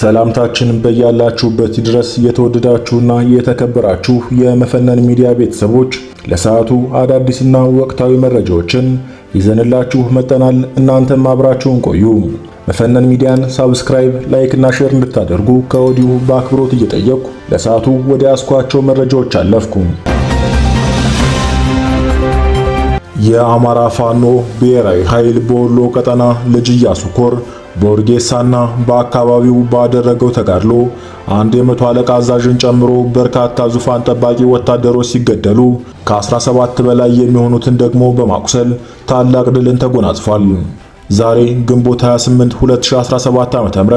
ሰላምታችን በያላችሁበት ድረስ የተወደዳችሁና የተከበራችሁ የመፈነን ሚዲያ ቤተሰቦች ለሰዓቱ አዳዲስና ወቅታዊ መረጃዎችን ይዘንላችሁ መጠናል። እናንተም አብራችሁን ቆዩ። መፈነን ሚዲያን ሳብስክራይብ፣ ላይክ እና ሼር እንድታደርጉ ከወዲሁ በአክብሮት እየጠየቅኩ ለሰዓቱ ወደ ያስኳቸው መረጃዎች አለፍኩ። የአማራ ፋኖ ብሔራዊ ኃይል በወሎ ቀጠና ልጅ ኢያሱ ኮር በኦርጌሳና በአካባቢው ባደረገው ተጋድሎ አንድ የመቶ አለቃ አዛዥን ጨምሮ በርካታ ዙፋን ጠባቂ ወታደሮች ሲገደሉ ከ17 በላይ የሚሆኑትን ደግሞ በማቁሰል ታላቅ ድልን ተጎናጽፏል። ዛሬ ግንቦት 28 2017 ዓ.ም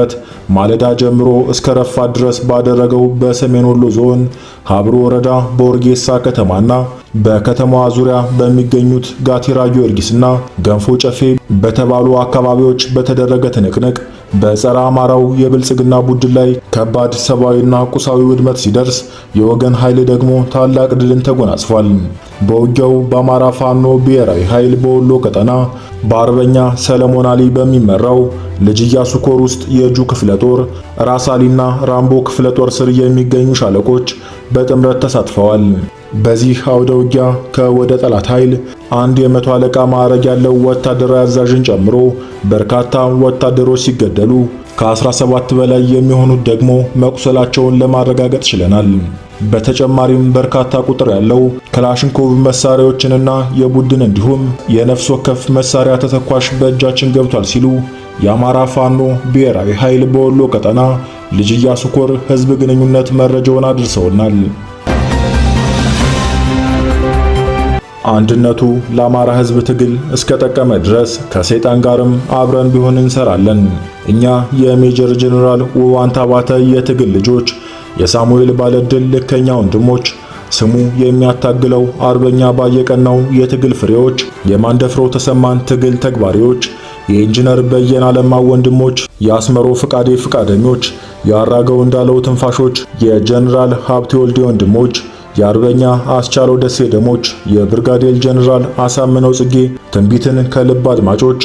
ማለዳ ጀምሮ እስከ ረፋ ድረስ ባደረገው በሰሜን ወሎ ዞን ሀብሮ ወረዳ በወርጌሳ ከተማና በከተማዋ ዙሪያ በሚገኙት ጋቲራ ጊዮርጊስና ገንፎ ጨፌ በተባሉ አካባቢዎች በተደረገ ትንቅንቅ በጸረ አማራው የብልጽግና ቡድን ላይ ከባድ ሰብአዊና ቁሳዊ ውድመት ሲደርስ፣ የወገን ኃይል ደግሞ ታላቅ ድልን ተጎናጽፏል። በውጊያው በአማራ ፋኖ ብሔራዊ ኃይል በወሎ ቀጠና በአርበኛ ሰለሞን አሊ በሚመራው ልጅ ኢያሱ ኮር ውስጥ የእጁ ክፍለ ጦር ራሳሊና ራምቦ ክፍለ ጦር ስር የሚገኙ ሻለቆች በጥምረት ተሳትፈዋል። በዚህ አውደ ውጊያ ከወደ ጠላት ኃይል አንድ የመቶ አለቃ ማዕረግ ያለው ወታደራዊ አዛዥን ጨምሮ በርካታ ወታደሮች ሲገደሉ ከ17 በላይ የሚሆኑት ደግሞ መቁሰላቸውን ለማረጋገጥ ችለናል። በተጨማሪም በርካታ ቁጥር ያለው ክላሽንኮቭ መሳሪያዎችንና የቡድን እንዲሁም የነፍስ ወከፍ መሳሪያ ተተኳሽ በእጃችን ገብቷል ሲሉ የአማራ ፋኖ ብሔራዊ ኃይል በወሎ ቀጠና ልጅ ኢያሱ ኮር ህዝብ ግንኙነት መረጃውን አድርሰውናል። አንድነቱ ለአማራ ህዝብ ትግል እስከ ጠቀመ ድረስ ከሰይጣን ጋርም አብረን ቢሆን እንሰራለን። እኛ የሜጀር ጀነራል ውባንታ ባተ የትግል ልጆች፣ የሳሙኤል ባለድል ልከኛ ወንድሞች፣ ስሙ የሚያታግለው አርበኛ ባየቀናው የትግል ፍሬዎች፣ የማንደፍሮ ተሰማን ትግል ተግባሪዎች፣ የኢንጂነር በየነ አለማ ወንድሞች፣ የአስመሮ ፍቃዴ ፍቃደኞች፣ የአራገው እንዳለው ትንፋሾች፣ የጀነራል ሀብቴ ወልዴ ወንድሞች የአርበኛ አስቻለው ደሴ ደሞች፣ የብርጋዴር ጀነራል አሳምነው ጽጌ ትንቢትን ከልብ አድማጮች፣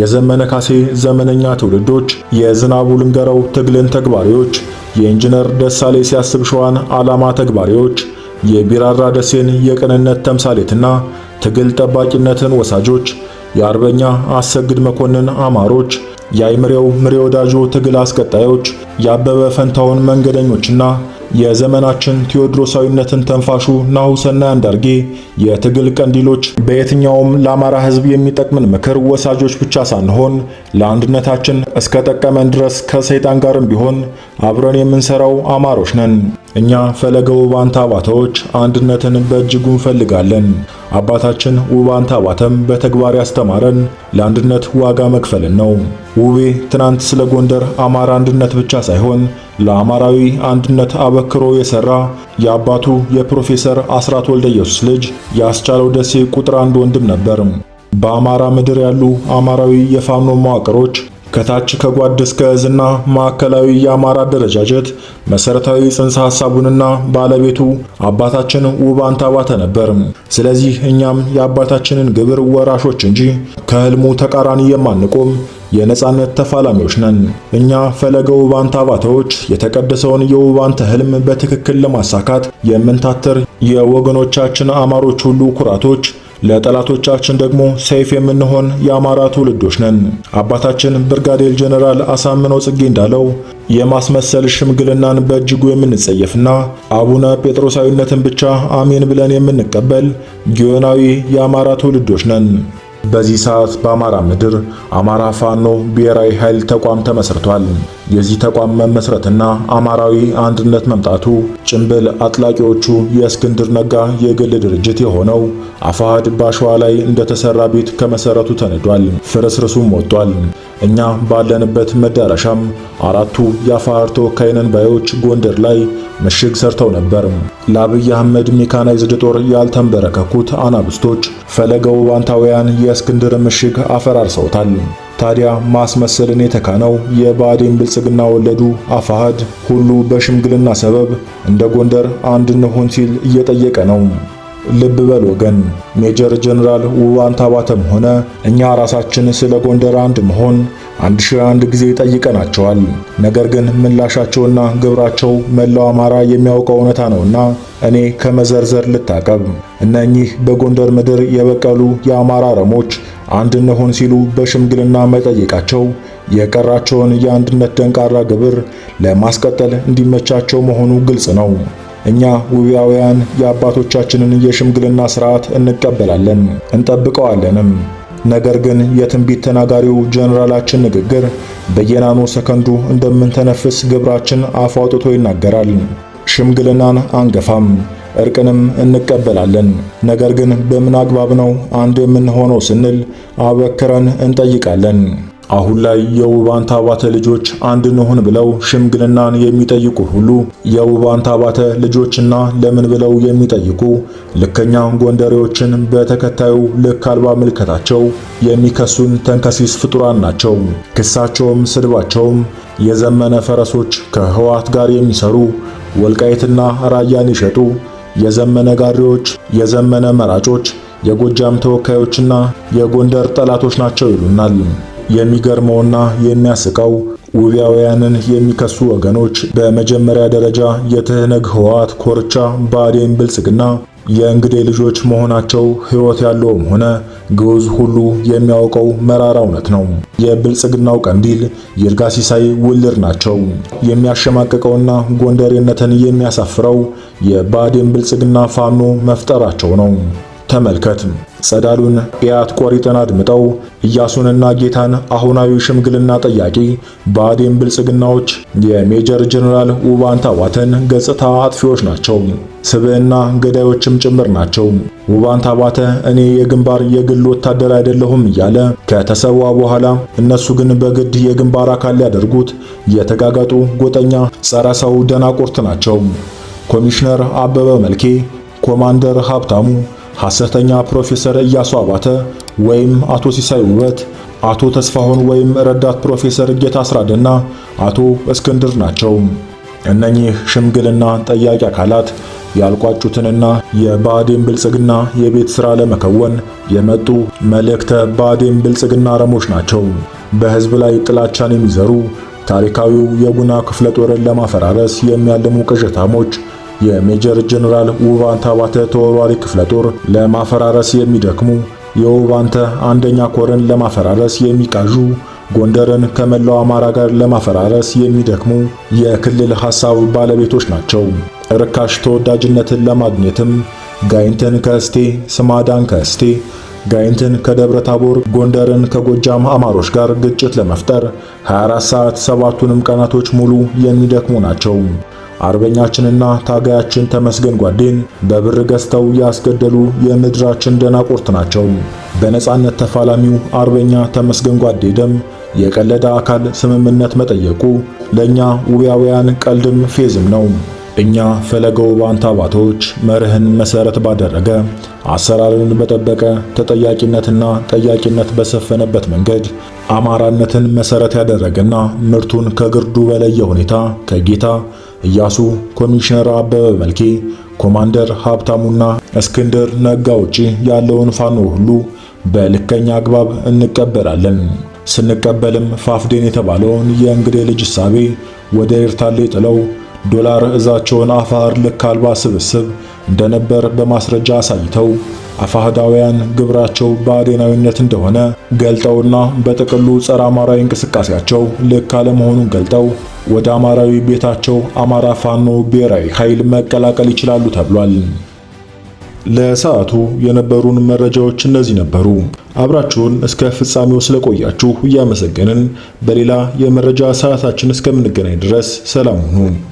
የዘመነ ካሴ ዘመነኛ ትውልዶች፣ የዝናቡ ልንገረው ትግልን ተግባሪዎች፣ የኢንጂነር ደሳሌ ሲያስብ ሸዋን ዓላማ ተግባሪዎች፣ የቢራራ ደሴን የቅንነት ተምሳሌትና ትግል ጠባቂነትን ወሳጆች፣ የአርበኛ አሰግድ መኮንን አማሮች፣ የአይምሬው ምሬ ወዳጆ ትግል አስቀጣዮች፣ የአበበ ፈንታውን መንገደኞችና የዘመናችን ቴዎድሮሳዊነትን ተንፋሹ ናሁ አንዳርጌ የትግል ቀንዲሎች በየትኛውም ለአማራ ሕዝብ የሚጠቅምን ምክር ወሳጆች ብቻ ሳንሆን ለአንድነታችን እስከ ጠቀመን ድረስ ከሰይጣን ጋርም ቢሆን አብረን የምንሰራው አማሮች ነን። እኛ ፈለገ ውባንታ አባተዎች አንድነትን በእጅጉ እንፈልጋለን። አባታችን ውባንታ አባተም በተግባር ያስተማረን ለአንድነት ዋጋ መክፈልን ነው። ውቤ ትናንት ስለ ጎንደር አማራ አንድነት ብቻ ሳይሆን ለአማራዊ አንድነት አበክሮ የሰራ የአባቱ የፕሮፌሰር አስራት ወልደ ኢየሱስ ልጅ ያስቻለው ደሴ ቁጥር አንድ ወንድም ነበር። በአማራ ምድር ያሉ አማራዊ የፋኖ መዋቅሮች ከታች ከጓድ እስከ እዝና ማዕከላዊ የአማራ አደረጃጀት መሰረታዊ ጽንሰ ሐሳቡንና ባለቤቱ አባታችን ውብ አንታባተ ነበር። ስለዚህ እኛም የአባታችንን ግብር ወራሾች እንጂ ከህልሙ ተቃራኒ የማንቆም የነጻነት ተፋላሚዎች ነን። እኛ ፈለገ ውባንታ ባተዎች የተቀደሰውን የውባንተ ህልም በትክክል ለማሳካት የምንታትር የወገኖቻችን አማሮች ሁሉ ኩራቶች ለጠላቶቻችን ደግሞ ሰይፍ የምንሆን የአማራ ትውልዶች ነን። አባታችን ብርጋዴር ጀነራል አሳምነው ጽጌ እንዳለው የማስመሰል ሽምግልናን በእጅጉ የምንጸየፍና አቡነ ጴጥሮሳዊነትን ብቻ አሜን ብለን የምንቀበል ጊዮናዊ የአማራ ትውልዶች ነን። በዚህ ሰዓት በአማራ ምድር አማራ ፋኖ ብሔራዊ ኃይል ተቋም ተመስርቷል። የዚህ ተቋም መመስረትና አማራዊ አንድነት መምጣቱ ጭምብል አጥላቂዎቹ የእስክንድር ነጋ የግል ድርጅት የሆነው አፋሕድ በአሸዋ ላይ እንደተሰራ ቤት ከመሰረቱ ተነዷል፣ ፍርስርሱም ወጥቷል። እኛ ባለንበት መዳረሻም አራቱ የአፋሕድ ተወካይ ነን ባዮች ጎንደር ላይ ምሽግ ሰርተው ነበር። ለአብይ አህመድ ሜካናይዝድ ጦር ያልተንበረከኩት አናብስቶች ፈለገው ባንታውያን የእስክንድር ምሽግ አፈራርሰውታል። ታዲያ ማስመሰልን የተካነው የባዴን ብልጽግና ወለዱ አፋሃድ ሁሉ በሽምግልና ሰበብ እንደ ጎንደር አንድ እንሆን ሲል እየጠየቀ ነው። ልብ በል ወገን፣ ሜጀር ጀነራል ውባንታ ባተም ሆነ እኛ ራሳችን ስለ ጎንደር አንድ መሆን አንድ ሺህ አንድ ጊዜ ጠይቀናቸዋል። ነገር ግን ምላሻቸውና ግብራቸው መላው አማራ የሚያውቀው እውነታ ነውና እኔ ከመዘርዘር ልታቀብ። እነኚህ በጎንደር ምድር የበቀሉ የአማራ ረሞች አንድ እንሆን ሲሉ በሽምግልና መጠየቃቸው የቀራቸውን የአንድነት ደንቃራ ግብር ለማስቀጠል እንዲመቻቸው መሆኑ ግልጽ ነው። እኛ ውቢያውያን የአባቶቻችንን የሽምግልና ሥርዓት እንቀበላለን እንጠብቀዋለንም። ነገር ግን የትንቢት ተናጋሪው ጀነራላችን ንግግር በየናኖ ሰከንዱ እንደምንተነፍስ ግብራችን አፍ ይናገራል። ሽምግልናን አንገፋም፣ እርቅንም እንቀበላለን። ነገር ግን በምን አግባብ ነው አንድ የምንሆነው ስንል አበክረን እንጠይቃለን። አሁን ላይ የውባንታ አባተ ልጆች አንድ እንሁን ብለው ሽምግልናን የሚጠይቁ ሁሉ የውባንታ አባተ ልጆችና ለምን ብለው የሚጠይቁ ልከኛ ጎንደሬዎችን በተከታዩ ልክ አልባ ምልከታቸው የሚከሱን ተንከሲስ ፍጡራን ናቸው። ክሳቸውም ስድባቸውም የዘመነ ፈረሶች ከህወሓት ጋር የሚሰሩ ወልቃይትና ራያን ይሸጡ የዘመነ ጋሪዎች፣ የዘመነ መራጮች፣ የጎጃም ተወካዮችና የጎንደር ጠላቶች ናቸው ይሉናል። የሚገርመውና የሚያስቀው ውቢያውያንን የሚከሱ ወገኖች በመጀመሪያ ደረጃ የትህነግ ህወሓት፣ ኮርቻ፣ ብአዴን፣ ብልጽግና የእንግዴ ልጆች መሆናቸው ህይወት ያለውም ሆነ ግዑዝ ሁሉ የሚያውቀው መራራ እውነት ነው። የብልጽግናው ቀንዲል ይርጋ ሲሳይ ውልር ናቸው። የሚያሸማቅቀውና ጎንደሬነትን የሚያሳፍረው የብአዴን ብልጽግና ፋኖ መፍጠራቸው ነው። ተመልከት። ጸዳሉን ኢያት ቆሪጥን አድምጠው ኢያሱንና ጌታን አሁናዊ ሽምግልና ጠያቂ ብአዴን ብልጽግናዎች የሜጀር ጀነራል ውባንታባትን ገጽታ አጥፊዎች ናቸው፣ ስብዕና ገዳዮችም ጭምር ናቸው። ውባንታባተ እኔ የግንባር የግል ወታደር አይደለሁም እያለ ከተሰዋ በኋላ እነሱ ግን በግድ የግንባር አካል ሊያደርጉት የተጋጋጡ ጎጠኛ ጸረ ሰው ደናቁርት ናቸው። ኮሚሽነር አበበ መልኬ፣ ኮማንደር ሀብታሙ ሐሰተኛ ፕሮፌሰር እያሱ አባተ ወይም አቶ ሲሳይ ውበት፣ አቶ ተስፋሁን ወይም ረዳት ፕሮፌሰር ጌታ አስራደና አቶ እስክንድር ናቸው። እነኚህ ሽምግልና ጠያቂ አካላት ያልቋጩትንና የባዴን ብልጽግና የቤት ሥራ ለመከወን የመጡ መልእክተ ባዴን ብልጽግና አረሞች ናቸው። በሕዝብ ላይ ጥላቻን የሚዘሩ ታሪካዊው የጉና ክፍለ ጦርን ለማፈራረስ የሚያልሙ ቅዠታሞች የሜጀር ጀነራል ውባንተ አባተ ተወርዋሪ ክፍለ ጦር ለማፈራረስ የሚደክሙ የውባንተ አንደኛ ኮርን ለማፈራረስ የሚቃዡ ጎንደርን ከመላው አማራ ጋር ለማፈራረስ የሚደክሙ የክልል ሐሳብ ባለቤቶች ናቸው። ርካሽ ተወዳጅነትን ለማግኘትም ጋይንትን ከእስቴ፣ ስማዳን ከእስቴ፣ ጋይንትን ከደብረ ታቦር፣ ጎንደርን ከጎጃም አማሮች ጋር ግጭት ለመፍጠር 24 ሰዓት ሰባቱንም ቀናቶች ሙሉ የሚደክሙ ናቸው። አርበኛችንና ታጋያችን ተመስገን ጓዴን በብር ገዝተው ያስገደሉ የምድራችን ደናቁርት ናቸው። በነጻነት ተፋላሚው አርበኛ ተመስገን ጓዴ ደም የቀለደ አካል ስምምነት መጠየቁ ለኛ ውያውያን ቀልድም ፌዝም ነው። እኛ ፈለገ ውባን ታባቶች መርህን መሰረት ባደረገ አሰራርን በጠበቀ ተጠያቂነትና ጠያቂነት በሰፈነበት መንገድ አማራነትን መሰረት ያደረገና ምርቱን ከግርዱ በለየ ሁኔታ ከጌታ ኢያሱ፣ ኮሚሽነር አበበ መልኬ፣ ኮማንደር ሀብታሙና እስክንድር ነጋ ውጪ ያለውን ፋኖ ሁሉ በልከኛ አግባብ እንቀበላለን። ስንቀበልም ፋፍዴን የተባለውን የእንግዴ ልጅ እሳቤ ወደ ኤርታሌ ጥለው ዶላር እዛቸውን አፋር ልክ አልባ ስብስብ እንደነበር በማስረጃ አሳይተው አፋህዳውያን ግብራቸው በአዴናዊነት እንደሆነ ገልጠውና በጥቅሉ ጸረ አማራዊ እንቅስቃሴያቸው ልክ አለመሆኑን ገልጠው ወደ አማራዊ ቤታቸው አማራ ፋኖ ብሔራዊ ኃይል መቀላቀል ይችላሉ ተብሏል። ለሰዓቱ የነበሩን መረጃዎች እነዚህ ነበሩ። አብራችሁን እስከ ፍጻሜው ስለቆያችሁ እያመሰገንን በሌላ የመረጃ ሰዓታችን እስከምንገናኝ ድረስ ሰላም ሁኑ።